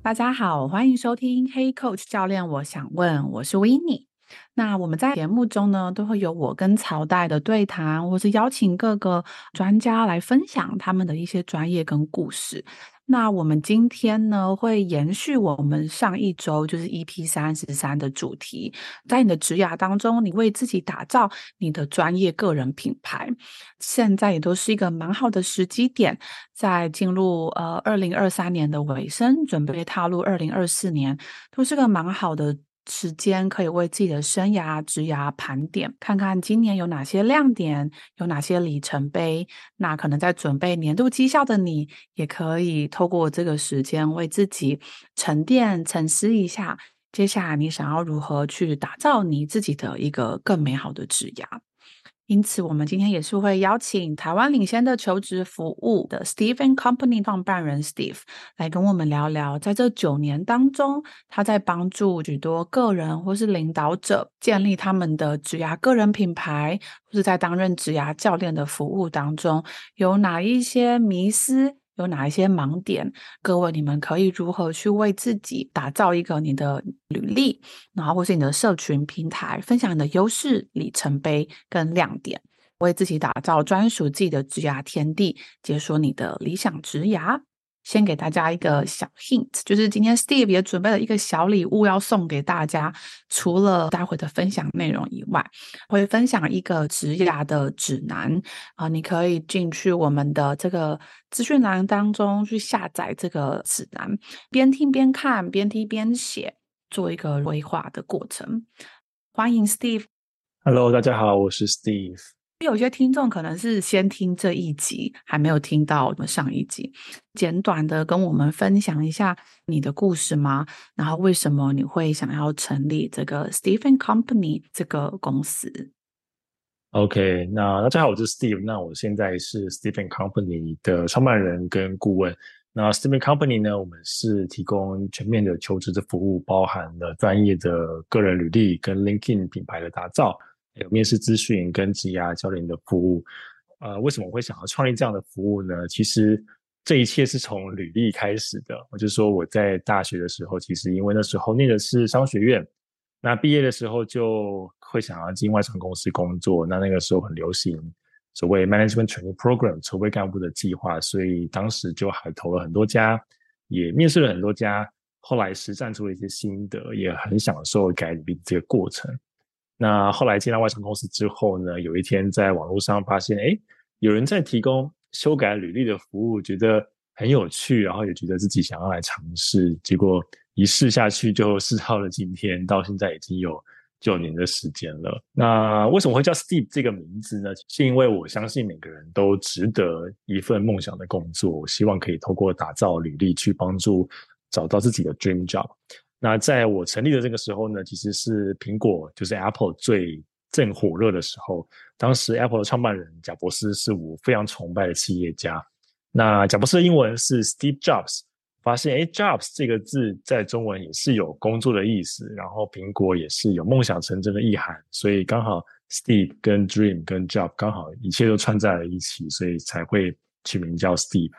大家好，歡迎收聽 Hey Coach 教練，我想問，我是 Winnie。那我們在節目中呢，都會有我跟朝代的對談，或是邀請各個專家來分享他們的一些專業跟故事。那我們今天呢，會延續我們上一周就是 EP 三十三的主題，在你的職涯當中，你為自己打造你的專業個人品牌，現在也都是一個蠻好的時機點，在進入呃二零二三年的尾聲，準備踏入二零二四年，都是個蠻好的。時間可以為自己的生涯職涯盤點，看看今年有哪些亮點，有哪些里程碑。那可能在準備年度績效的你，也可以透過這個時間為自己沉澱、沉思一下，接下來你想要如何去打造你自己的一個更美好的職涯。因此，我們今天也是會邀請台灣領先的求職服務的 Steve & Company 創辦、辦人 Steve 來跟我們聊聊，在這九年當中，他在幫助許多個人或是領導者建立他們的職涯個人品牌，或是在擔任職涯教練的服務當中，有哪一些迷思？有哪一些盲點？各位，你們可以如何去為自己打造一個你的履歷，然後或是你的社群平台，分享你的優勢、里程碑跟亮點，為自己打造專屬自己的職涯天地，解鎖你的理想職涯。先給大家一個小 hint，就是今天 Steve 也準備了一個小禮物要送給大家。除了待會的分享內容以外，會分享一個職涯的指南啊，你可以進去我們的這個資訊欄當中去下載這個指南，邊聽邊看，邊聽邊寫，做一個規劃的過程。歡迎 Steve，Hello，大家好，我是 Steve。有些聽眾可能是先聽這一集，還沒有聽到我們上一集，簡短的跟我們分享一下你的故事嗎？然後為什麼你會想要成立這個 Steve & Company 這個公司？OK，那大家好，我是 Steve，那我現在是 Steve & Company 的創辦人跟顧問。那 Steve & Company 呢，我們是提供全面的求職的服務，包含了專業的個人履歷跟 LinkedIn 品牌的打造。有面試諮詢跟職涯、啊、教練的服務，呃，為什麼我會想要創立這樣的服務呢？其實這一切是從履歷開始的。我就說我在大學的時候，其實因為那時候念的是商學院，那畢業的時候就會想要進外商公司工作。那那個時候很流行所謂 Management Training Program（ 儲備幹部的計劃），所以當時就還投了很多家，也面試了很多家。後來實戰出了一些心得，也很享受改變這個過程。那後來進了外商公司之後呢，有一天在網絡上發現，誒，有人在提供修改履歷的服務，覺得很有趣，然後也覺得自己想要來嘗試。結果一試下去就試到了今天，到現在已經有九年的時間了。那為什麼會叫 Steve 這個名字呢？是因為我相信每個人都值得一份夢想的工作，希望可以透過打造履歷去幫助找到自己的 dream job。那在我成立的這個時候呢，其實是蘋果，就是 Apple 最正火熱的時候。當時 Apple 的創辦人賈伯斯是我非常崇拜的企業家。那賈伯斯的英文是 Steve Jobs，發現哎，Jobs 這個字在中文也是有工作的意思，然後蘋果也是有夢想成真的意涵，所以剛好 Steve 跟 Dream 跟 Job 剛好一切都串在了一起，所以才會取名叫 Steve。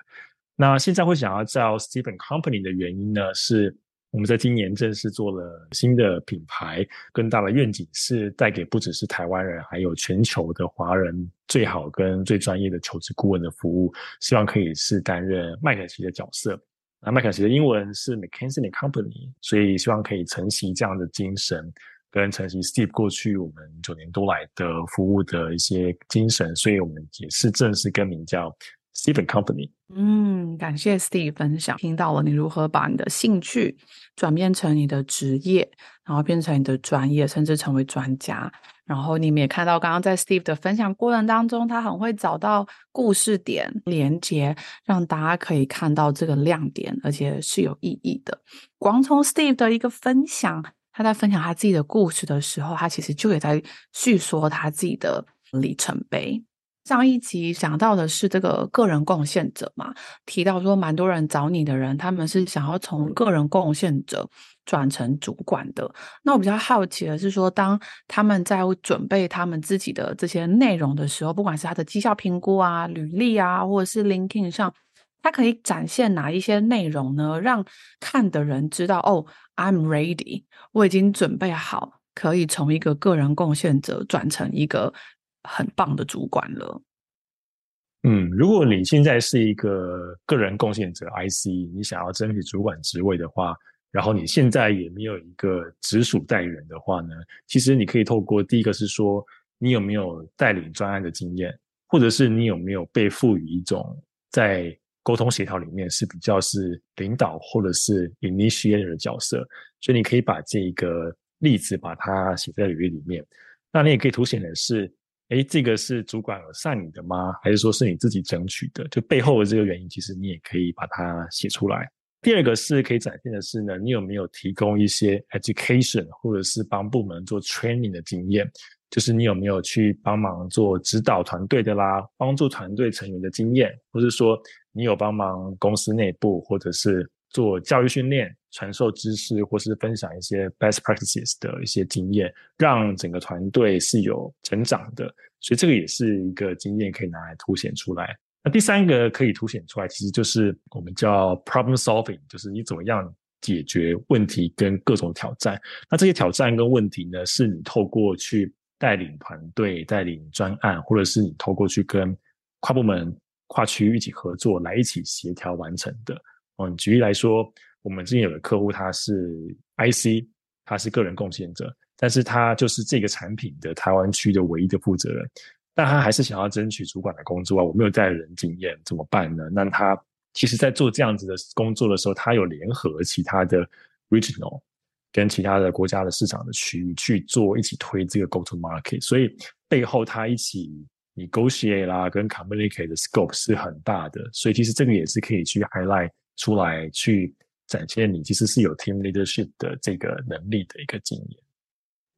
那現在會想要叫 Steve & Company 的原因呢是。我們在今年正式做了新的品牌，更大的願景是帶給不只是台灣人，還有全球的華人最好跟最專業的求職顧問的服務。希望可以是擔任麥肯錫的角色。那、啊、麥肯錫的英文是 McKinsey Company，所以希望可以承襲這樣的精神，跟承襲 Steve 過去我們九年多來的服務的一些精神。所以我們也是正式更名叫。Steve & Company。嗯，感謝 Steve 分享，聽到了你如何把你的興趣轉變成你的職業，然後變成你的專業，甚至成為專家。然後你們也看到，剛剛在 Steve 的分享過程當中，他很會找到故事點連接，讓大家可以看到這個亮點，而且是有意義的。光從 Steve 的一個分享，他在分享他自己的故事的時候，他其實就也在敘說他自己的里程碑。上一集講到的是這個個人貢獻者嘛，提到說蠻多人找你的人，他們是想要從個人貢獻者轉成主管的。那我比較好奇的是說，當他們在準備他們自己的這些內容的時候，不管是他的績效評估啊、履歷啊，或者是 LinkedIn 上，他可以展現哪一些內容呢？讓看的人知道哦，I'm ready，我已經準備好，可以從一個個人貢獻者轉成一個。很棒的主管了。嗯，如果你現在是一個個人貢獻者 （IC），你想要爭取主管職位的話，然後你現在也沒有一個直屬代理人的話呢，其實你可以透過第一個是說，你有沒有帶領專案的經驗，或者是你有沒有被賦予一種在溝通協調裡面是比較是領導或者是 initiator 的角色，所以你可以把這個例子把它寫在履歷裡面。那你也可以凸顯的是。哎，這個是主管有善用的嗎？還是說是你自己爭取的？就背後的這個原因，其實你也可以把它寫出來。第二個是可以展現的是呢，你有沒有提供一些 education，或者是幫部門做 training 的經驗？就是你有沒有去幫忙做指導團隊的啦，幫助團隊成員的經驗，或是說你有幫忙公司內部或者是。做教育訓練、傳授知識，或是分享一些 best practices 的一些經驗，讓整個團隊是有成長的。所以這個也是一個經驗可以拿來凸顯出來。那第三個可以凸顯出來，其實就是我們叫 problem solving，就是你怎麼樣解決問題跟各種挑戰。那這些挑戰跟問題呢，是你透過去帶領團隊、帶領專案，或者是你透過去跟跨部門、跨區域一起合作，來一起協調完成的。嗯，舉例來說，我們之前有的客戶他是 IC，他是個人貢獻者，但是他就是這個產品的台灣區的唯一的負責人，但他還是想要爭取主管的工作啊。我沒有帶人經驗，怎麼辦呢？那他其實在做這樣子的工作的時候，他有聯合其他的 Regional 跟其他的國家的市場的區域去做一起推這個 Go-to-Market，所以背後他一起 Negotiate 啦跟 Communicate 的 Scope 是很大的，所以其實這個也是可以去 Highlight。出來去展現你其實是有 team leadership 的這個能力的一個經驗。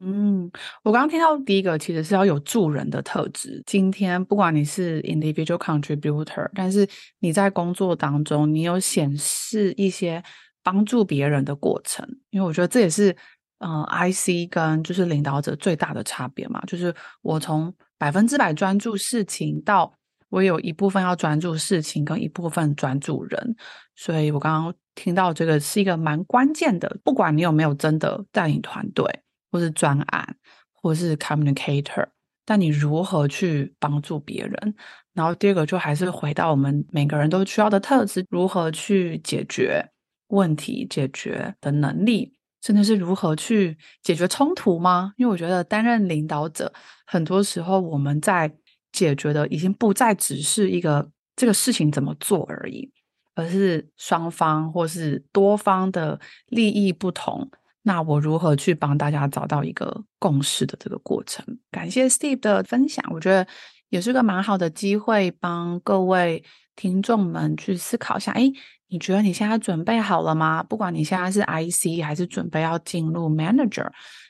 嗯，我剛剛聽到第一個其實是要有助人的特質。今天不管你是 individual contributor，但是你在工作當中你有顯示一些幫助別人的過程，因為我覺得這也是嗯、呃，IC 跟就是領導者最大的差別嘛。就是我從百分之百專注事情到我有一部分要專注事情，跟一部分專注人。所以我剛剛聽到這個是一個蠻關鍵的，不管你有沒有真的帶領團隊，或是專案，或是 communicator，但你如何去幫助別人？然後第二個就還是回到我們每個人都需要的特質，如何去解決問題、解決的能力，甚至是如何去解決衝突嗎？因為我覺得擔任領導者，很多時候我們在解決的已經不再只是一個這個事情怎麼做而已。而是雙方或是多方的利益不同，那我如何去幫大家找到一個共識的這個過程？感謝 Steve 的分享，我覺得也是個蠻好的機會，幫各位聽眾們去思考一下。誒，你覺得你現在準備好了嗎？不管你現在是 IC 還是準備要進入 Manager，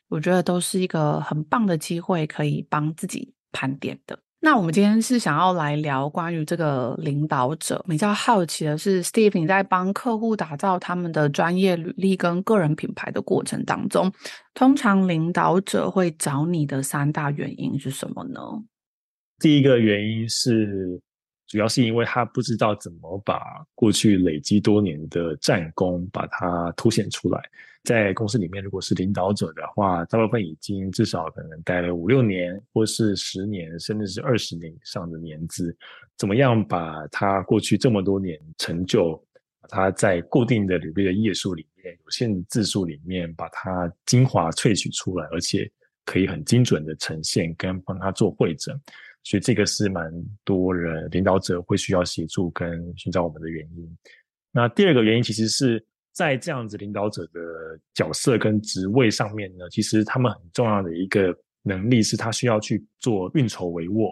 我覺得都是一個很棒的機會，可以幫自己盤點的。那我們今天是想要來聊關於這個領導者，比較好奇的是，Steve，你在幫客戶打造他們的專業履歷跟個人品牌的過程當中，通常領導者會找你的三大原因是什麼呢？第一個原因是，主要是因為他不知道怎麼把過去累積多年的戰功把它凸顯出來。在公司裡面，如果是領導者的話，大部分已經至少可能待了五六年，或是十年，甚至是二十年以上的年資。怎麼樣把他過去這麼多年成就，把他在固定的履歷的頁數裡面，有限的字數裡面，把它精華萃取出來，而且可以很精準的呈現，跟幫他做會診。所以這個是蠻多人領導者會需要協助跟尋找我們的原因。那第二個原因其實是，在這樣子領導者的角色跟職位上面呢，其實他們很重要的一個能力是，他需要去做運籌帷幄、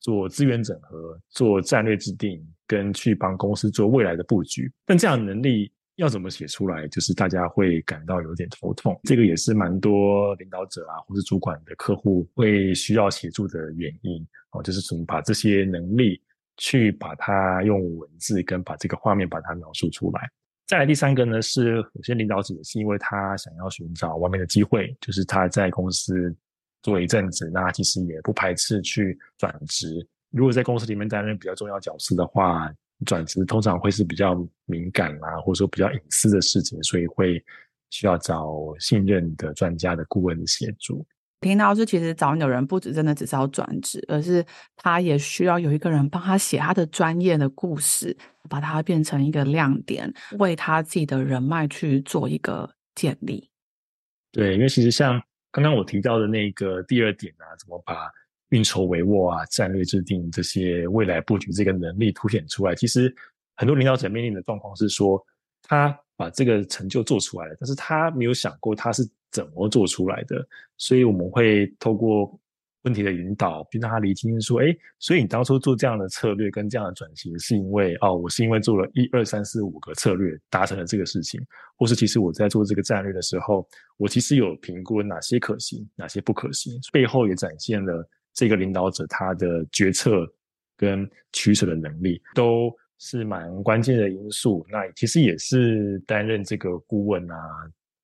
做資源整合、做戰略制定，跟去幫公司做未來的布局。但這樣的能力要怎麼寫出來，就是大家會感到有點頭痛。這個也是蠻多領導者啊，或是主管的客戶會需要協助的原因哦，就是怎麼把這些能力去把它用文字跟把這個畫面把它描述出來。再來第三個呢，是有些領導者是因為他想要尋找完美的機會，就是他在公司做了一陣子，那其實也不排斥去轉職。如果在公司裡面擔任比較重要角色的話，轉職通常會是比較敏感啊，或者說比較隱私的事情，所以會需要找信任的專家的顧問的協助。領導是其實找女人不只真的只是要轉職，而是他也需要有一個人幫他寫他的專業的故事，把它變成一個亮點，為他自己的人脈去做一個建立。對，因為其實像剛剛我提到的那個第二點啊，怎麼把運籌帷幄啊、戰略制定這些未來佈局這個能力凸顯出來？其實很多領導者面臨的狀況是說，他把這個成就做出來了，但是他沒有想過他是。怎麼做出來的？所以我們會透過問題的引導，引導他釐清說：誒，所以你當初做這樣的策略跟這樣的轉型，是因為哦，我是因為做了一二三四五個策略達成了這個事情，或是其實我在做這個戰略的時候，我其實有評估哪些可行、哪些不可行，背後也展現了這個領導者他的決策跟取捨的能力，都是蠻關鍵的因素。那其實也是擔任這個顧問啊。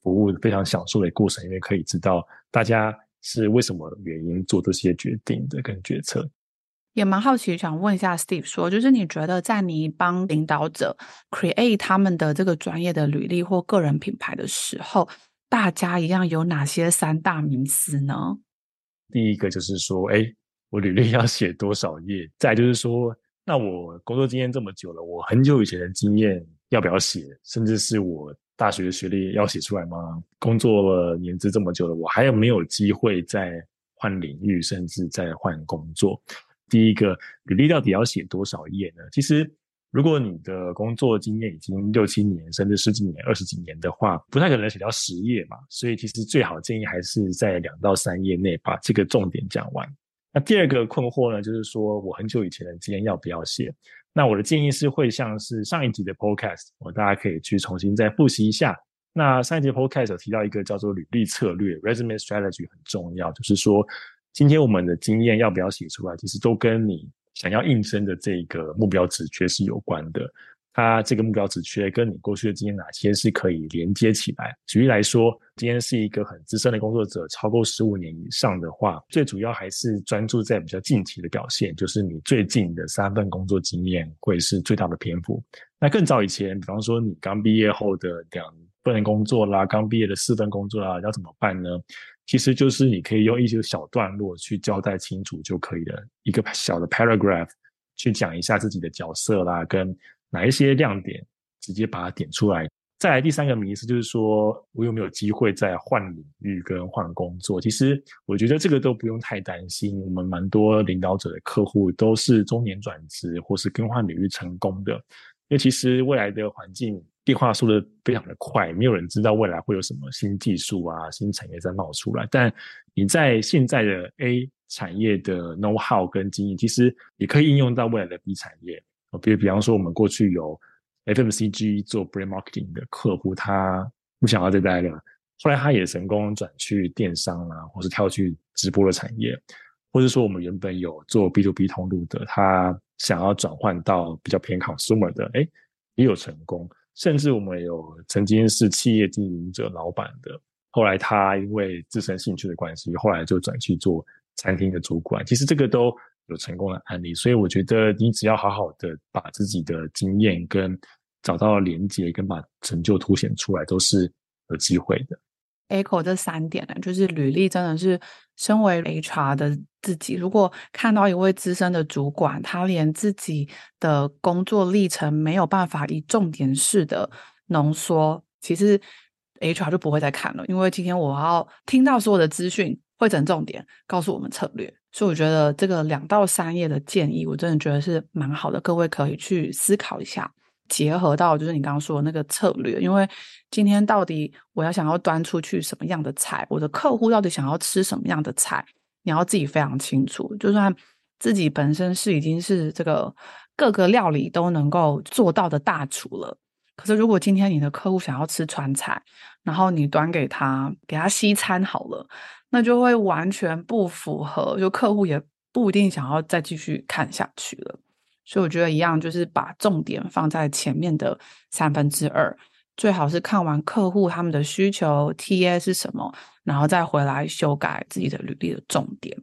服務非常享受的過程，因為可以知道大家是為什麼原因做這些決定的跟決策。也蠻好奇，想問一下 Steve 說，就是你覺得在你幫領導者 create 他們的這個專業的履歷或個人品牌的時候，大家一樣有哪些三大迷思呢？第一個就是說，哎、欸，我履歷要寫多少頁？再就是說，那我工作經驗這麼久了，我很久以前的經驗要不要寫？甚至是，我。大學學歷要寫出來嗎？工作了年資這麼久了，我還有沒有機會再換領域，甚至再換工作？第一個履歷到底要寫多少頁呢？其實，如果你的工作經驗已經六七年，甚至十幾年、二十幾年的話，不太可能寫到十頁嘛。所以，其實最好建議還是在兩到三頁內把這個重點講完。那第二個困惑呢，就是說我很久以前的經驗要不要寫？那我的建議是，會像是上一集的 Podcast，我大家可以去重新再複習一下。那上一集 Podcast 有提到一個叫做履歷策略 （Resume Strategy） 很重要，就是說今天我們的經驗要不要寫出來，其實都跟你想要應徵的這個目標職缺是有關的。他這個目標只缺跟你過去的經驗，哪些是可以連接起來。舉例來說，今天是一個很資深的工作者，超過十五年以上的話，話最主要還是專注在比較近期的表現，就是你最近你的三份工作經驗會是最大的篇幅。那更早以前，比方說你剛畢業後的兩份工作啦，剛畢業的四份工作啦，要怎麼辦呢？其實就是你可以用一些小段落去交代清楚就可以的，一個小的 paragraph 去講一下自己的角色啦，跟。哪一些亮點直接把它點出來。再來第三個迷思就是說，我有沒有機會再換領域跟換工作？其實我覺得這個都不用太擔心。我們蠻多領導者的客戶都是中年轉職或是更換領域成功的，因為其實未來的環境變化速度非常的快，沒有人知道未來會有什麼新技術啊、新產業在冒出來。但你在現在的 A 產業的 know how 跟經營，其實也可以應用到未來的 B 產業。比如，比方說，我們過去有 FMCG 做 brand marketing 的客戶，他不想要再待了，後來他也成功轉去電商啦、啊，或是跳去直播的產業，或者說我們原本有做 B to B 通路的，他想要轉換到比較偏 consumer 的，哎、欸，也有成功。甚至我們有曾經是企業經營者、老闆的，後來他因為自身興趣的關係，後來就轉去做餐廳的主管。其實這個都有成功的案例，所以我覺得你只要好好的把自己的經驗跟找到連接，跟把成就凸顯出來，都是有機會的。Echo 這三點呢，就是履歷真的是，身為 HR 的自己，如果看到一位資深的主管，他連自己的工作歷程沒有辦法以重點式的濃縮，其實 HR 就不會再看了，因為今天我要聽到所有的資訊，彙整重點，告訴我們策略。所以我覺得這個兩到三頁的建議，我真的覺得是蠻好的，各位可以去思考一下，結合到就是你剛剛說的那個策略，因為今天到底我要想要端出去什麼樣的菜，我的客戶到底想要吃什麼樣的菜，你要自己非常清楚。就算自己本身是已經是這個各個料理都能夠做到的大廚了。可是，如果今天你的客戶想要吃川菜，然後你端給他給他西餐好了，那就會完全不符合，就客戶也不一定想要再繼續看下去了。所以我覺得一樣，就是把重點放在前面的三分之二，最好是看完客戶他們的需求，TA 是什麼，然後再回來修改自己的履歷的重點。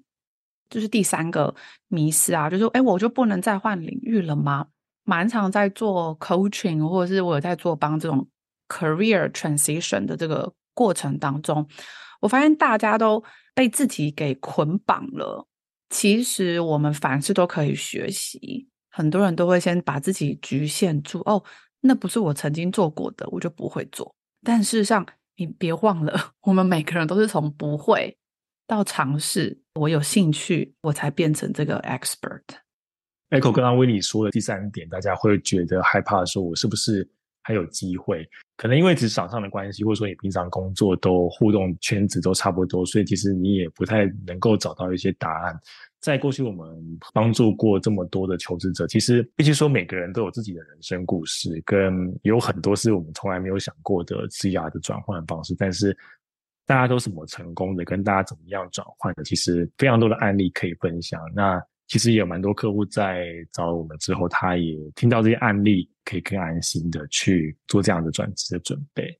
這、就是第三個迷思啊，就是哎、欸，我就不能再換領域了嗎？蠻常在做 coaching，或者是我在做幫這種 career transition 的這個過程當中，我發現大家都被自己給捆綁了。其實我們凡事都可以學習，很多人都會先把自己局限住。哦，那不是我曾經做過的，我就不會做。但事實上，你別忘了，我們每個人都是從不會到嘗試，我有興趣，我才變成這個 expert。Echo 跟阿威理說的第三點，大家會覺得害怕，說我是不是還有機會？可能因為職場上的關係，或者說你平常工作都互動圈子都差不多，所以其實你也不太能夠找到一些答案。在過去，我們幫助過這麼多的求職者，其實必須說每個人都有自己的人生故事，跟有很多是我們從來沒有想過的職涯的轉換方式。但是大家都是怎麼成功的，跟大家怎麼樣轉換的，其實非常多的案例可以分享。那其實也有蠻多客戶在找了我們之後，他也聽到這些案例，可以更安心的去做這樣的轉職的準備。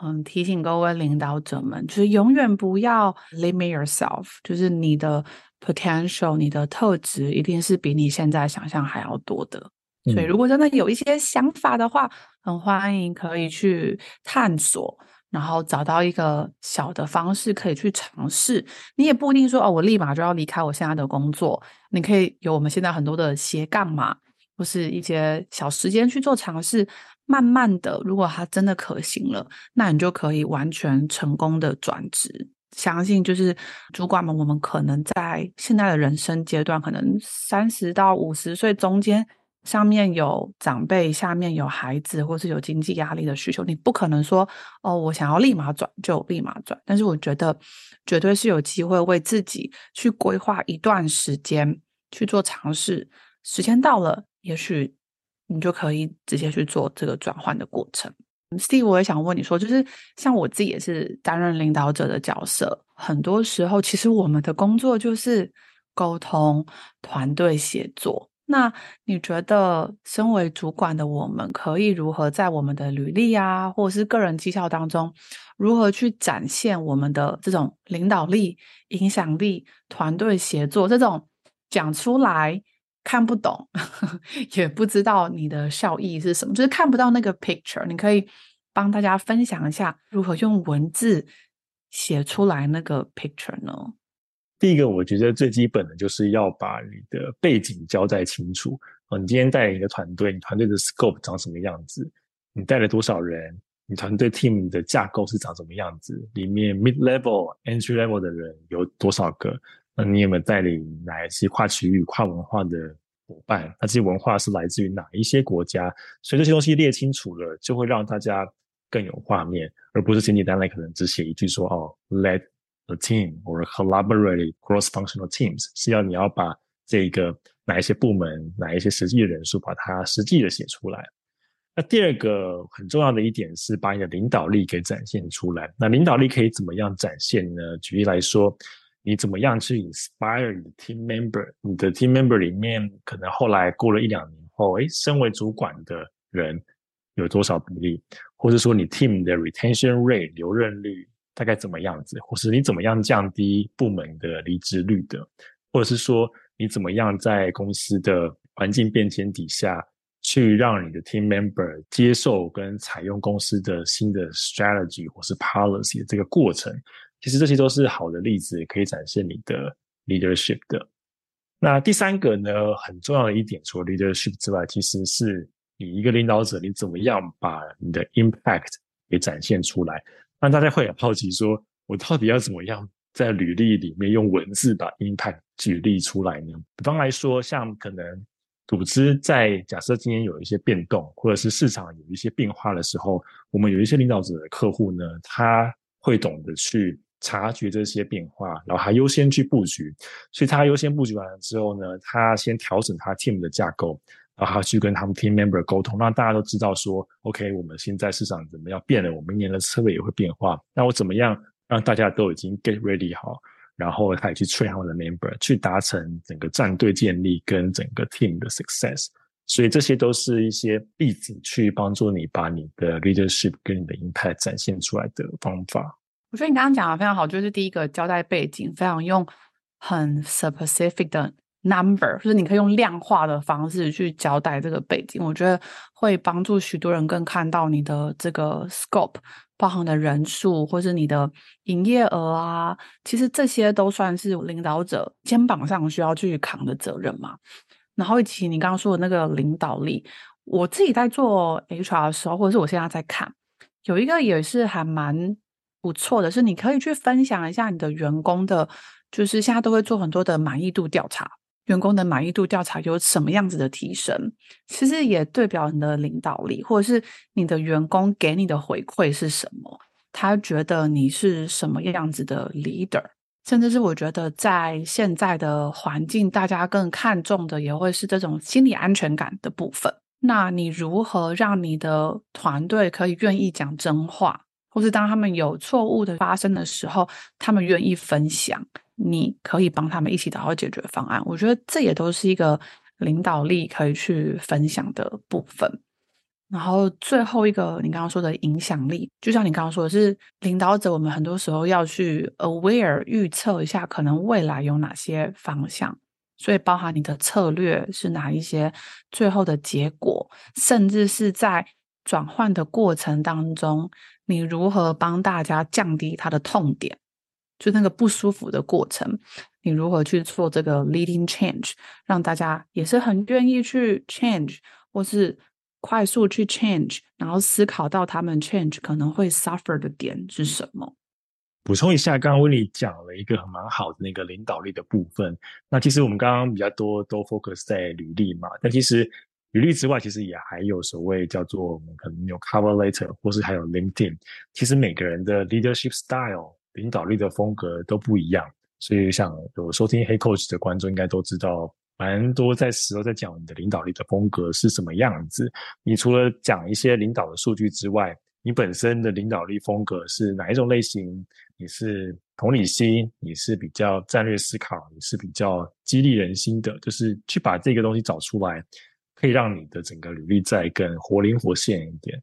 嗯，提醒各位領導者們，就是永遠不要 limit yourself，就是你的 potential、你的特質，一定是比你現在想象還要多的。所以，如果真的有一些想法的話，很歡迎可以去探索。然後找到一個小的方式可以去嘗試，你也不一定說哦，我立馬就要離開我現在的工作。你可以有我們現在很多的斜槓嘛，或、就是一些小時間去做嘗試，慢慢的，如果它真的可行了，那你就可以完全成功的轉職。相信就是主管們，我們可能在現在的人生階段，可能三十到五十歲中間。上面有長輩，下面有孩子，或是有經濟壓力的需求，你不可能說哦，我想要立馬轉就立馬轉。但是我覺得絕對是有機會為自己去規劃一段時間去做嘗試，時間到了，也許你就可以直接去做這個轉換的過程。Steve，我也想問你說，就是像我自己也是擔任領導者的角色，很多時候其實我們的工作就是溝通、團隊協作。那你覺得，身為主管的我們，可以如何在我們的履歷啊，或者是個人績效當中，如何去展現我們的這種領導力、影響力、團隊協作這種？講出來看不懂呵呵，也不知道你的效益是什麼，就是看不到那個 picture。你可以幫大家分享一下，如何用文字寫出來那個 picture 呢？第一個，我覺得最基本的，就是要把你的背景交代清楚。哦，你今天帶領一個團隊，你團隊的 scope 長什麼樣子？你帶了多少人？你團隊 team 的架構是長什麼樣子？裡面 mid level entry、entry level 的人有多少個？那你有沒有帶領哪一些跨區域、跨文化的夥伴？那這些文化是來自於哪一些國家？所以這些東西列清楚了，就會讓大家更有畫面，而不是簡簡單單可能只寫一句說哦：“哦，let。” The team or collaborative cross-functional teams，是要你要把這個哪一些部門、哪一些實際的人數，把它實際的寫出來。那第二個很重要的一點是把你的領導力給展現出來。那領導力可以怎麼樣展現呢？舉例來說，你怎麼樣去 inspire 你，你的 team member？你的 team member 裡面可能後來過了一兩年後，誒，身為主管的人有多少比例，或者說你 team 的 retention rate 留任率？大概怎麼樣子，或是你怎麼樣降低部門的離職率的，或者是說你怎麼樣在公司的環境變遷底下去讓你的 team member 接受跟採用公司的新的 strategy 或是 policy 的這個過程，其實這些都是好的例子，可以展現你的 leadership 的。那第三個呢，很重要的一點，除了 leadership 之外，其實是你一個領導者，你怎麼樣把你的 impact 給展現出來。那大家會很好奇說，說我到底要怎麼樣在履歷裡面用文字把 impact 舉例出來呢？比方來說，像可能組織在假設今天有一些變動，或者是市場有一些變化的時候，我們有一些領導者的客戶呢，他會懂得去察覺這些變化，然後還優先去布局。所以他優先布局完了之後呢，他先調整他 team 的架構。然後去跟他們 team member 溝通，讓大家都知道說，OK，我們現在市場怎麼樣變了，我明年的策略也會變化。那我怎麼樣讓大家都已經 get ready 好，然後他也去 train 我的 member，去達成整個戰隊建立跟整個 team 的 success。所以這些都是一些例子，去幫助你把你的 leadership 跟你的 impact 展現出來的方法。我覺得你剛剛講的非常好，就是第一個交代背景，非常用很 specific 的。Number 就是你可以用量化的方式去交代這個背景，我覺得會幫助許多人更看到你的這個 scope 包含的人數，或是你的營業額啊。其實這些都算是領導者肩膀上需要去扛的責任嘛。然後以及你剛剛說的那個領導力，我自己在做 HR 的時候，或者是我現在在看，有一個也是還蠻不錯的，是你可以去分享一下你的員工的，就是現在都會做很多的滿意度調查。員工的滿意度調查有什麼樣子的提升？其實也代表你的領導力，或者是你的員工給你的回饋是什麼？他覺得你是什麼樣子的 leader？甚至是我覺得在現在的環境，大家更看重的也會是這種心理安全感的部分。那你如何讓你的團隊可以願意講真話，或是當他們有錯誤的發生的時候，他們願意分享？你可以幫他們一起找到解決方案，我覺得這也都是一個領導力可以去分享的部分。然後最後一個，你剛剛說的影響力，就像你剛剛說的是，是領導者，我們很多時候要去 aware 預測一下可能未來有哪些方向，所以包含你的策略是哪一些，最後的結果，甚至是在轉換的過程當中，你如何幫大家降低他的痛點。就那個不舒服的過程，你如何去做這個 leading change，讓大家也是很願意去 change，或是快速去 change，然後思考到他們 change 可能會 suffer 的點是什麼？補充一下，剛剛 Winnie 講了一個很蠻好的那個領導力的部分。那其實我們剛剛比較多都 focus 在履歷嘛，但其實履歷之外，其實也還有所謂叫做我們可能有 cover letter 或是還有 LinkedIn，其實每個人的 leadership style。領導力的風格都不一樣，所以像有收聽 Hey Coach 的觀眾應該都知道，蠻多在時候在講你的領導力的風格是什麼樣子。你除了講一些領導的數據之外，你本身的領導力風格是哪一種類型？你是同理心，你是比較戰略思考，你是比較激勵人心的，就是去把這個東西找出來，可以讓你的整個履歷再更活靈活現一點。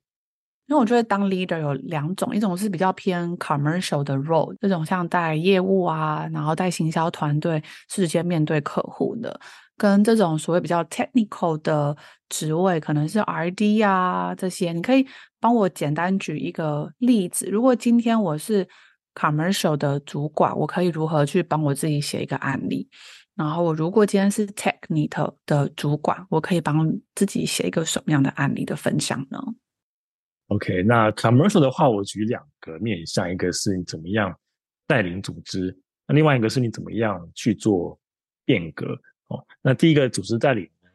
因為我覺得當 leader 有兩種，一種是比較偏 commercial 的 role，這種像帶業務啊，然後帶行銷團隊，是直接面對客戶的，跟這種所謂比較 technical 的職位，可能是 RD 啊這些。你可以幫我簡單舉一個例子，如果今天我是 commercial 的主管，我可以如何去幫我自己寫一個案例？然後我如果今天是 technical 的主管，我可以幫自己寫一個什麼樣的案例的分享呢？OK，那 commercial 的話，我舉兩個面向，像一個是你怎麼樣帶領組織，那另外一個是你怎麼樣去做變革。哦，那第一個組織帶領呢，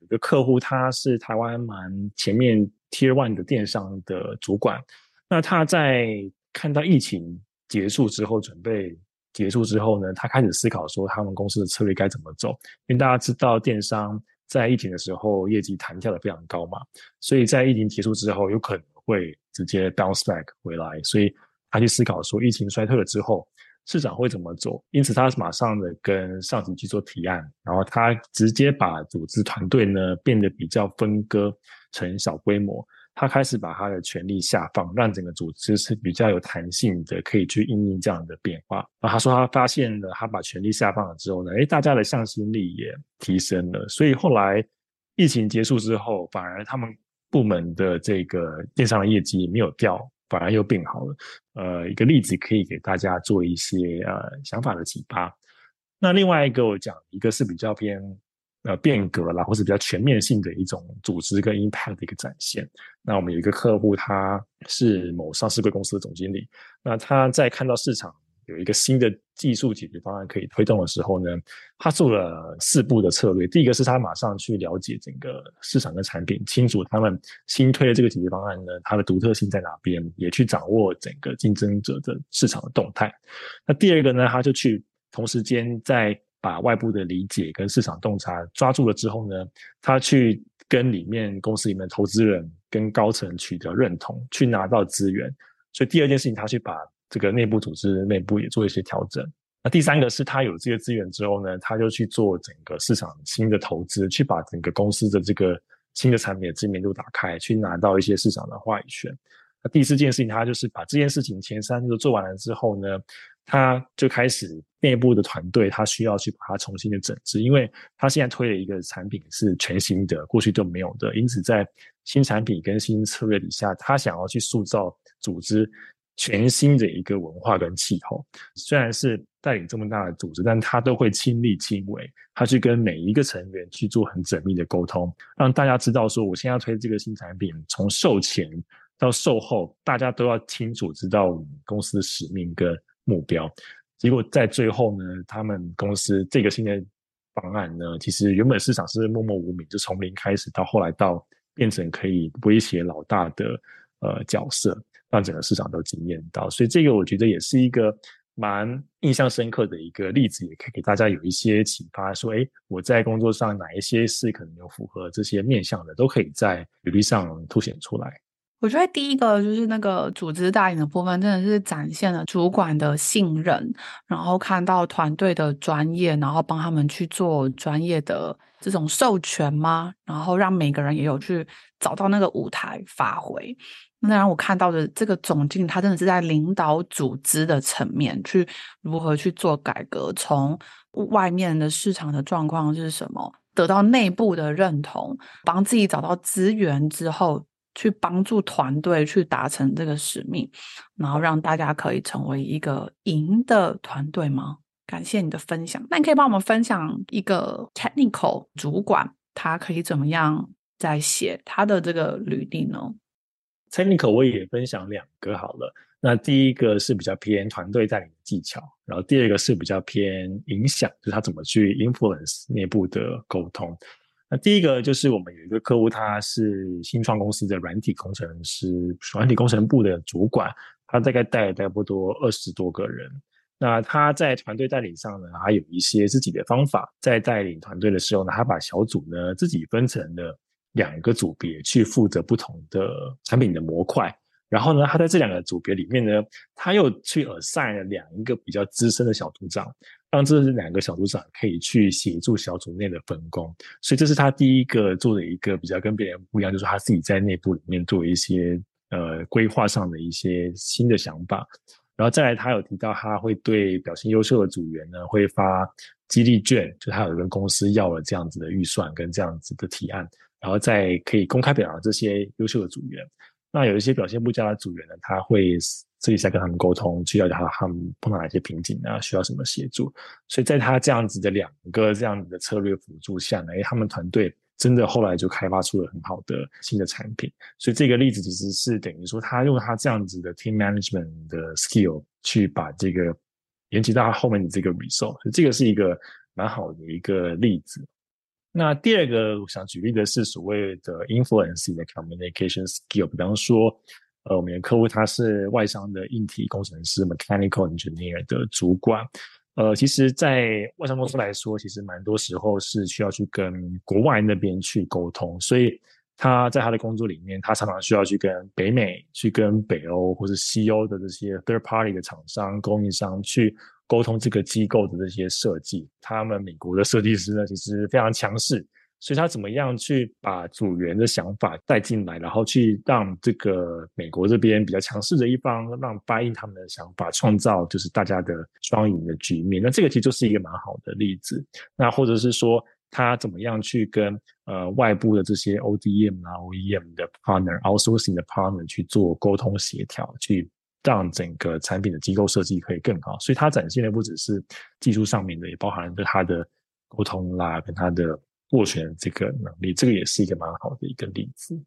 有個客戶他是台灣蠻前面 Tier One 的電商的主管，那他在看到疫情結束之後，準備結束之後呢，他開始思考說他們公司的策略該怎麼走，因為大家知道電商，在疫情的時候，業績彈跳的非常高嘛，所以在疫情結束之後，有可能會直接 bounce back 回來，所以他去思考說疫情衰退了之後，市場會怎麼走，因此他是馬上的跟上級去做提案，然後他直接把組織團隊呢變得比較分割成小規模。他開始把他的權力下放，讓整個組織是比較有彈性的，可以去因應這樣的變化。然後他說，他發現了，他把權力下放了之後呢，哎，大家的向心力也提升了。所以後來疫情結束之後，反而他們部門的這個電商業績沒有掉，反而又變好了。呃，一個例子可以給大家做一些呃想法的啟發。那另外一個我講，一個是比較偏。呃，變革啦，或是比較全面性的一種組織跟 impact 的一個展現。那我們有一個客戶，他是某上市櫃公司的總經理。那他在看到市場有一個新的技術解決方案可以推動的時候呢，他做了四步的策略。第一個是他馬上去了解整個市場跟產品，清楚他們新推的這個解決方案呢，它的獨特性在哪邊，也去掌握整個競爭者的市場的動態。那第二個呢，他就去同時間在。把外部的理解跟市場洞察抓住了之後呢，他去跟裡面公司裡面投資人跟高層取得認同，去拿到資源。所以第二件事情，他去把這個內部組織內部也做一些調整。那第三個是他有這些資源之後呢，他就去做整個市場新的投資，去把整個公司的這個新的產品的知名度打開，去拿到一些市場的話語權。那第四件事情，他就是把這件事情前三個做完了之後呢，他就開始內部的團隊，他需要去把它重新的整治，因為他現在推的一個產品是全新的，過去都沒有的。因此，在新產品跟新策略底下，他想要去塑造組織全新的一個文化跟氣候。雖然是帶領這麼大的組織，但他都會親力親為，他去跟每一個成員去做很縝密的溝通，讓大家知道說，我現在推這個新產品，從售前到售後，大家都要清楚知道我們公司的使命跟。目標。結果在最後呢，他們公司這個新的方案呢，其實原本市場是默默無名，就從零開始到後來到變成可以威脅老大的呃角色，讓整個市場都驚艷到。所以這個我覺得也是一個蠻印象深刻的一個例子，也可以給大家有一些啟發說，說誒，我在工作上哪一些是可能有符合這些面向的，都可以在履歷上凸顯出來。我覺得第一個就是那個組織帶領的部分，真的是展現了主管的信任，然後看到團隊的專業，然後幫他們去做專業的這種授權嗎，然後讓每個人也有去找到那個舞台發揮。那讓我看到的這個總經，他真的是在領導組織的層面去如何去做改革，從外面的市場的狀況是什麼，得到內部的認同，幫自己找到資源之後。去幫助團隊去達成這個使命，然後讓大家可以成為一個贏的團隊嗎？感謝你的分享。那你可以幫我們分享一個 technical 主管他可以怎麼樣在寫他的這個履歷呢？technical 我也分享兩個好了。那第一個是比較偏團隊帶領技巧，然後第二個是比較偏影響，就是他怎麼去 influence 內部的溝通。那第一個就是我們有一個客戶，他是新創公司的軟體工程師，軟體工程部的主管，他大概帶了差不多二十多個人。那他在團隊帶領上呢，還有一些自己的方法，在帶領團隊的時候呢，他把小組呢自己分成了兩個組別，去負責不同的產品的模塊。然後呢，他在這兩個組別裡面呢，他又去 assign 了兩個比較資深的小組長。讓這兩個小組長可以去協助小組內的分工，所以這是他第一個做的一個比較跟別人不一樣，就是他自己在內部裡面做一些呃規劃上的一些新的想法。然後再來，他有提到他會對表現優秀的組員呢，會發激勵券，就他有跟公司要了這樣子的預算跟這樣子的提案，然後再可以公開表揚這些優秀的組員。那有一些表現不佳的組員呢，他會，這一下在跟他們溝通，去了解他們碰到哪些瓶頸啊，啊需要什麼協助。所以，在他這樣子的兩個這樣子的策略輔助下呢，他們團隊真的後來就開發出了很好的新的產品。所以，這個例子其實是等於說，他用他這樣子的 team management 的 skill 去把這個延及到他後面的這個 result。所以，這個是一個蠻好的一個例子。那第二個我想舉例的是所謂的 influencing 的 communication skill，比方說。呃，我們的客戶他是外商的硬體工程師 （mechanical engineer） 的主管。呃，其實在外商公司來說，其實蠻多時候是需要去跟國外那邊去溝通。所以他在他的工作裡面，他常常需要去跟北美、去跟北歐或者西歐的這些 third party 的廠商、供應商去溝通這個機構的這些設計。他們美國的設計師呢，其實非常強勢。所以他怎麼樣去把組員的想法帶進來，然後去讓這個美國這邊比較強勢的一方，讓 buy in 他們的想法，創造就是大家的雙贏的局面。嗯、那這個其實就是一個蠻好的例子。那或者是說他怎麼樣去跟呃外部的這些 ODM 啊、OEM 的 partner、outsourcing 的 partner 去做溝通協調，去讓整個產品的機構設計可以更好。所以他展現的不只是技術上面的，也包含了對他的溝通啦，跟他的。斡旋這個能力，這個也是一個蠻好的一個例子。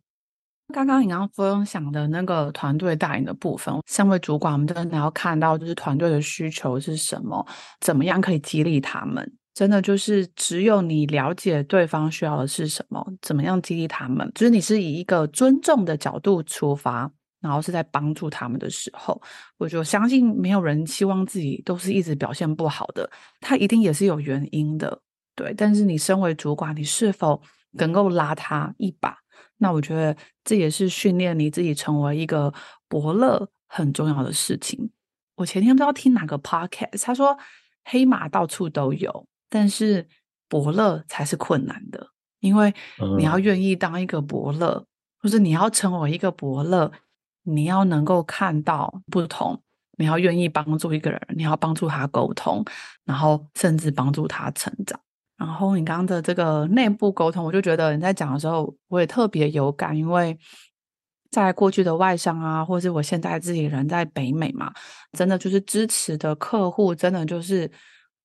剛剛你剛剛分享的那個團隊帶領的部分，三位主管，我們真的要看到，就是團隊的需求是什麼，怎麼樣可以激勵他們？真的就是只有你了解對方需要的是什麼，怎麼樣激勵他們？就是你是以一個尊重的角度出發，然後是在幫助他們的時候，我就相信沒有人希望自己都是一直表現不好的，他一定也是有原因的。對，但是你身為主管，你是否能夠拉他一把？那我覺得這也是訓練你自己成為一個伯樂很重要的事情。我前天不知道聽哪個 podcast，他說黑馬到處都有，但是伯樂才是困難的，因為你要願意當一個伯樂，或者，uh huh. 你要成為一個伯樂，你要能夠看到不同，你要願意幫助一個人，你要幫助他溝通，然後甚至幫助他成長。然後你剛剛的這個內部溝通，我就覺得你在講的時候，我也特別有感，因為在過去的外商啊，或是我現在自己人在北美嘛，真的就是支持的客戶，真的就是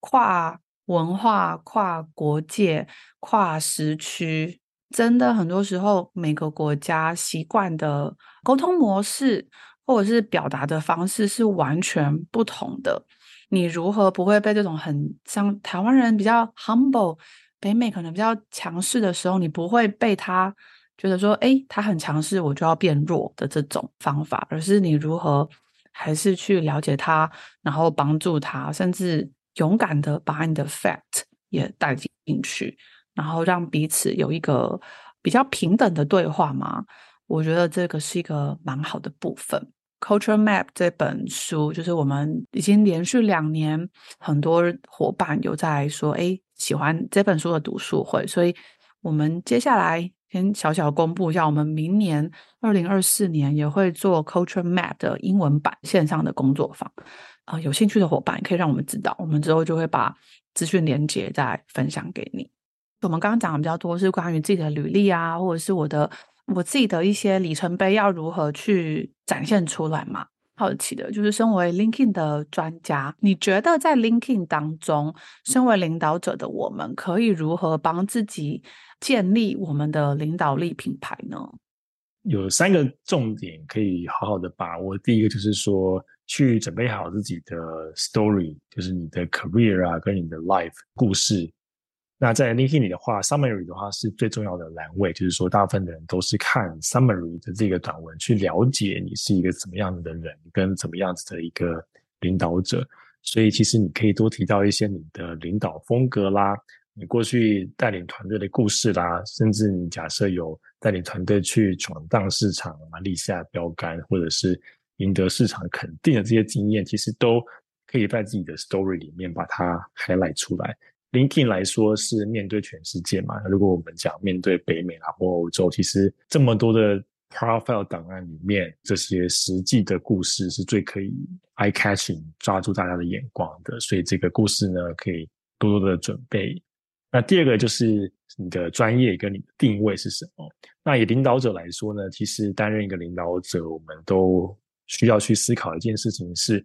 跨文化、跨國界、跨時區，真的很多時候每個國家習慣的溝通模式或者是表達的方式是完全不同的。你如何不會被這種很像台灣人比較 humble，北美可能比較強勢的時候，你不會被他覺得說，誒，他很強勢，我就要變弱的這種方法，而是你如何還是去了解他，然後幫助他，甚至勇敢的把你的 fact 也帶進去，然後讓彼此有一個比較平等的對話嘛？我覺得這個是一個蠻好的部分。Culture Map 這本書，就是我們已經連續兩年很多夥伴有在說，哎，喜歡這本書的讀書會，所以我們接下來先小小公布一下，我們明年二零二四年也會做 Culture Map 的英文版線上的工作坊啊、呃，有興趣的夥伴可以讓我們知道，我們之後就會把資訊連結再分享給你。我們剛剛講的比較多是關於自己的履歷啊，或者是我的。我自己的一些里程碑，要如何去展現出來嘛。好奇的就是，身為 LinkedIn 的專家，你覺得在 LinkedIn 當中，身為領導者的我們，可以如何幫自己建立我們的領導力品牌呢？有三個重點可以好好的把握。第一個就是說，去準備好自己的 story，就是你的 career 啊，跟你的 life 故事。那在 LinkedIn 裡的話，summary 的話是最重要的欄位，就是說大部分的人都是看 summary 的這個短文去了解你是一個怎麼樣的人，跟怎麼樣子的一個領導者。所以其實你可以多提到一些你的領導風格啦，你過去帶領團隊的故事啦，甚至你假設有帶領團隊去闖蕩市場啊，立下標杆，或者是贏得市場肯定的這些經驗，其實都可以在自己的 story 裡面把它 highlight 出來。LinkedIn 來說是面對全世界嘛，那如果我們講面對北美啊或歐洲，其實這麼多的 profile 檔案裡面，這些實際的故事是最可以 eye catching 抓住大家的眼光的。所以這個故事呢，可以多多的準備。那第二個就是你的專業跟你的定位是什麼？那以領導者來說呢，其實擔任一個領導者，我們都需要去思考一件事情是。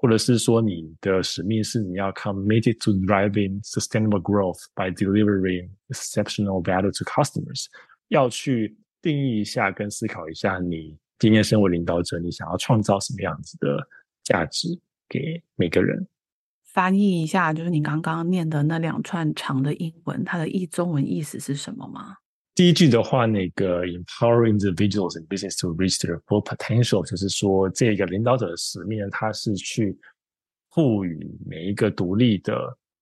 或者是說你的使命是你要 committed to driving sustainable growth by delivering exceptional value to customers，要去定義一下跟思考一下你今天身為領導者，你想要創造什麼樣子的價值給每個人。翻譯一下，就是你剛剛唸的那兩串長的英文，它的意中文意思是什麼嗎？第一句的話，那個 empowering individuals and in business to reach their full potential，就是說，這個領導者的使命，他是去賦予每一個獨立的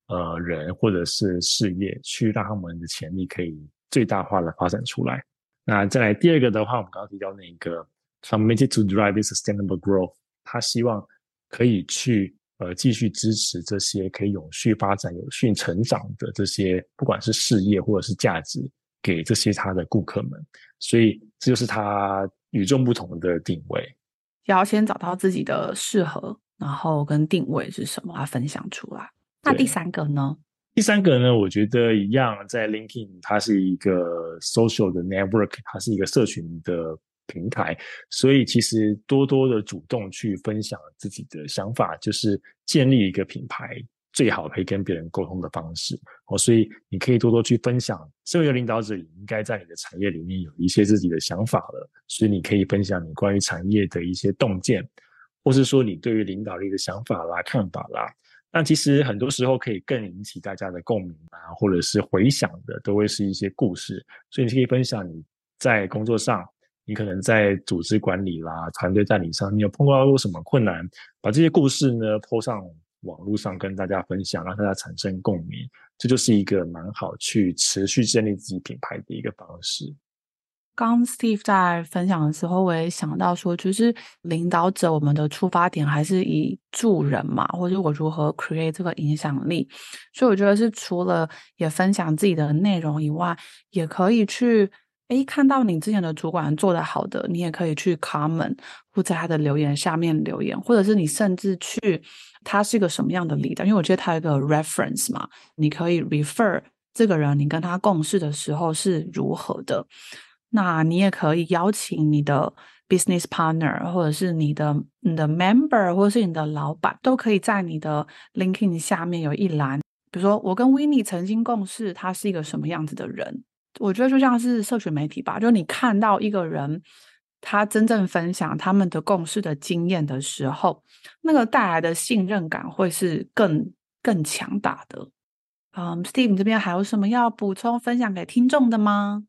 呃人或者是事業，去讓他們的潛力可以最大化的發展出來。那再來第二個的話，我們剛剛提到那個 committed, um, to driving sustainable growth，他希望可以去呃繼續支持這些可以永續發展、永續成長的這些，不管是事業或者是價值。給這些他的顧客們，所以這就是他與眾不同的定位。要先找到自己的適合，然後跟定位是什麼要分享出來。對那第三個呢？第三個呢，我覺得一樣，在 LinkedIn，它是一個 social 的 network，它是一個社群的平台，所以其實多多的主動去分享自己的想法，就是建立一個品牌。最好可以跟別人溝通的方式哦，所以你可以多多去分享。身為一個領導者，也應該在你的產業裡面有一些自己的想法了，所以你可以分享你關於產業的一些洞見，或是說你對於領導力的想法啦、看法啦。但其實很多時候可以更引起大家的共鳴啊，或者是迴響的，都會是一些故事。所以你可以分享你在工作上，你可能在組織管理啦、團隊帶領上，你有碰到過什麼困難？把這些故事呢，潑上。網絡上跟大家分享，讓大家產生共鳴，這就是一個蠻好去持續建立自己品牌的一個方式。剛 Steve 在分享的時候，我也想到說，就是領導者我們的出發點還是以助人嘛，或者我如何 create 這個影響力。所以我覺得是除了也分享自己的內容以外，也可以去哎，看到你之前的主管做得好的，你也可以去 comment 或者在他的留言下面留言，或者是你甚至去。他是一個什麼樣的 leader？因為我覺得他有一個 reference 嘛，你可以 refer 這個人，你跟他共事的時候是如何的。那你也可以邀請你的 business partner，或者是你的你的 member，或者是你的老闆，都可以在你的 LinkedIn 下面有一欄。比如說，我跟 Winnie 曾經共事，他是一個什麼樣子的人？我覺得就像是社群媒體吧，就你看到一個人。他真正分享他們的共事的經驗的時候，那個帶來的信任感會是更更強大的。嗯，um，Steve 你這邊還有什麼要補充分享給聽眾的嗎？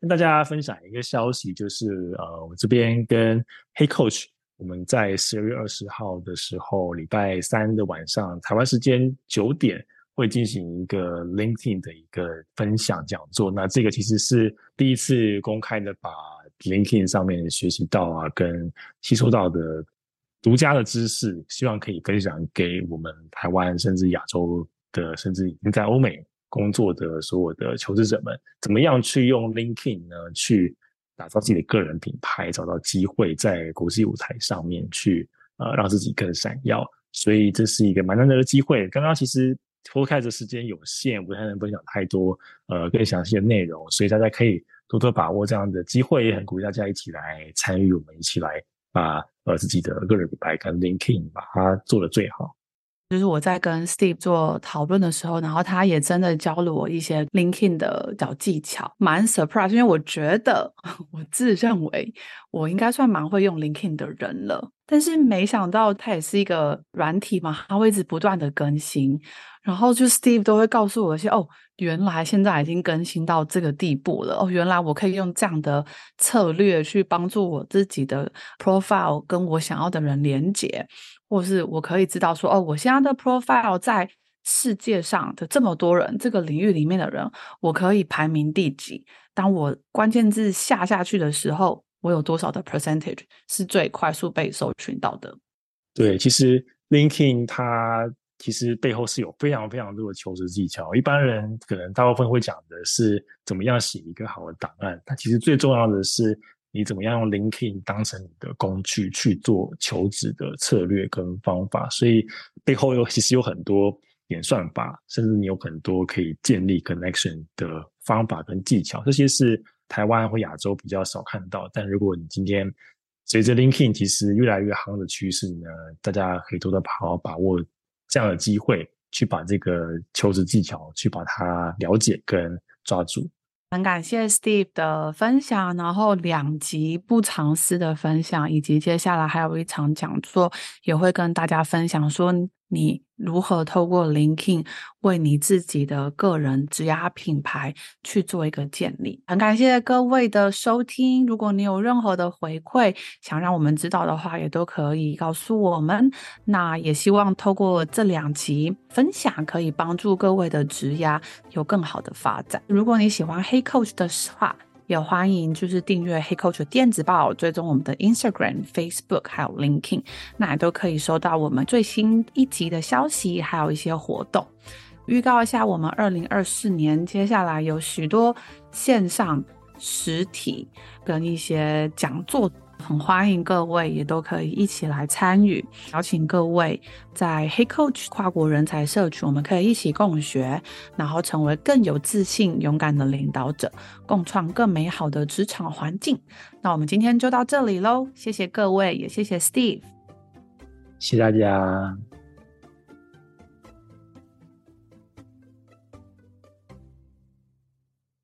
跟大家分享一個消息，就是呃，我這邊跟 Hey Coach，我們在十二月二十號的時候，禮拜三的晚上，台灣時間九點，會進行一個 LinkedIn 的一個分享講座。那這個其實是第一次公開的把。LinkedIn 上面學習到啊，跟吸收到的獨家的知識，希望可以分享給我們台灣，甚至亞洲的，甚至已經在歐美工作的所有的求職者們，怎麼樣去用 LinkedIn 呢？去打造自己的個人品牌，找到機會在國際舞台上面去，呃，讓自己更閃耀。所以這是一個蠻難得的機會。剛剛其實 Podcast 的時間有限，不太能分享太多，呃，更詳細的內容，所以大家可以。多多把握這樣的機會，也很鼓勵大家一起來參與，我們一起來把我自己的個人品牌跟 LinkedIn 把它做得最好。就是我在跟 Steve 做討論的時候，然後他也真的教了我一些 LinkedIn 的小技巧，蠻 surprise，因為我覺得我自認為我應該算蠻會用 LinkedIn 的人了，但是沒想到他也是一個軟體嘛，他會一直不斷的更新，然後就 Steve 都會告訴我一些哦。原來現在已經更新到這個地步了哦！原來我可以用這樣的策略去幫助我自己的 profile 跟我想要的人連接，或是我可以知道說哦，我現在的 profile 在世界上的這麼多人這個領域裡面的人，我可以排名第幾？當我關鍵字下下去的時候，我有多少的 percentage 是最快速被搜尋到的？對，其實 LinkedIn 它。其實背後是有非常非常多的求職技巧，一般人可能大部分會講的是怎麼樣寫一個好的檔案，但其實最重要的是你怎麼樣用 LinkedIn 當成你的工具去做求職的策略跟方法，所以背後又其實有很多演算法，甚至你有很多可以建立 connection 的方法跟技巧，這些是台灣或亞洲比較少看到，但如果你今天隨着 LinkedIn 其實越來越夯的趨勢呢，大家可以多多把好好把握。這樣的機會去把這個求職技巧去把它了解跟抓住。很感謝 Steve 的分享，然後兩集不藏私的分享，以及接下來還有一場講座也會跟大家分享說你如何透過 LinkedIn 為你自己的個人職涯品牌去做一個建立？很感謝各位的收聽。如果你有任何的回饋想讓我們知道的話，也都可以告訴我們。那也希望透過這兩集分享，可以幫助各位的職涯有更好的發展。如果你喜歡 Hey Coach 的話，也歡迎就是訂閱 Hey Coach 的電子報，追蹤我們的 Instagram、Facebook 還有 LinkedIn。那也都可以收到我們最新一集的消息，還有一些活動預告一下，我們二零二四年接下來有許多線上、實體跟一些講座。很歡迎各位，也都可以一起來參與。邀請各位在 Hey Coach 跨國人才社群，我們可以一起共學，然後成為更有自信、勇敢的領導者，共創更美好的職場環境。那我們今天就到這裡嘍，謝謝各位，也謝謝 Steve，謝謝大家。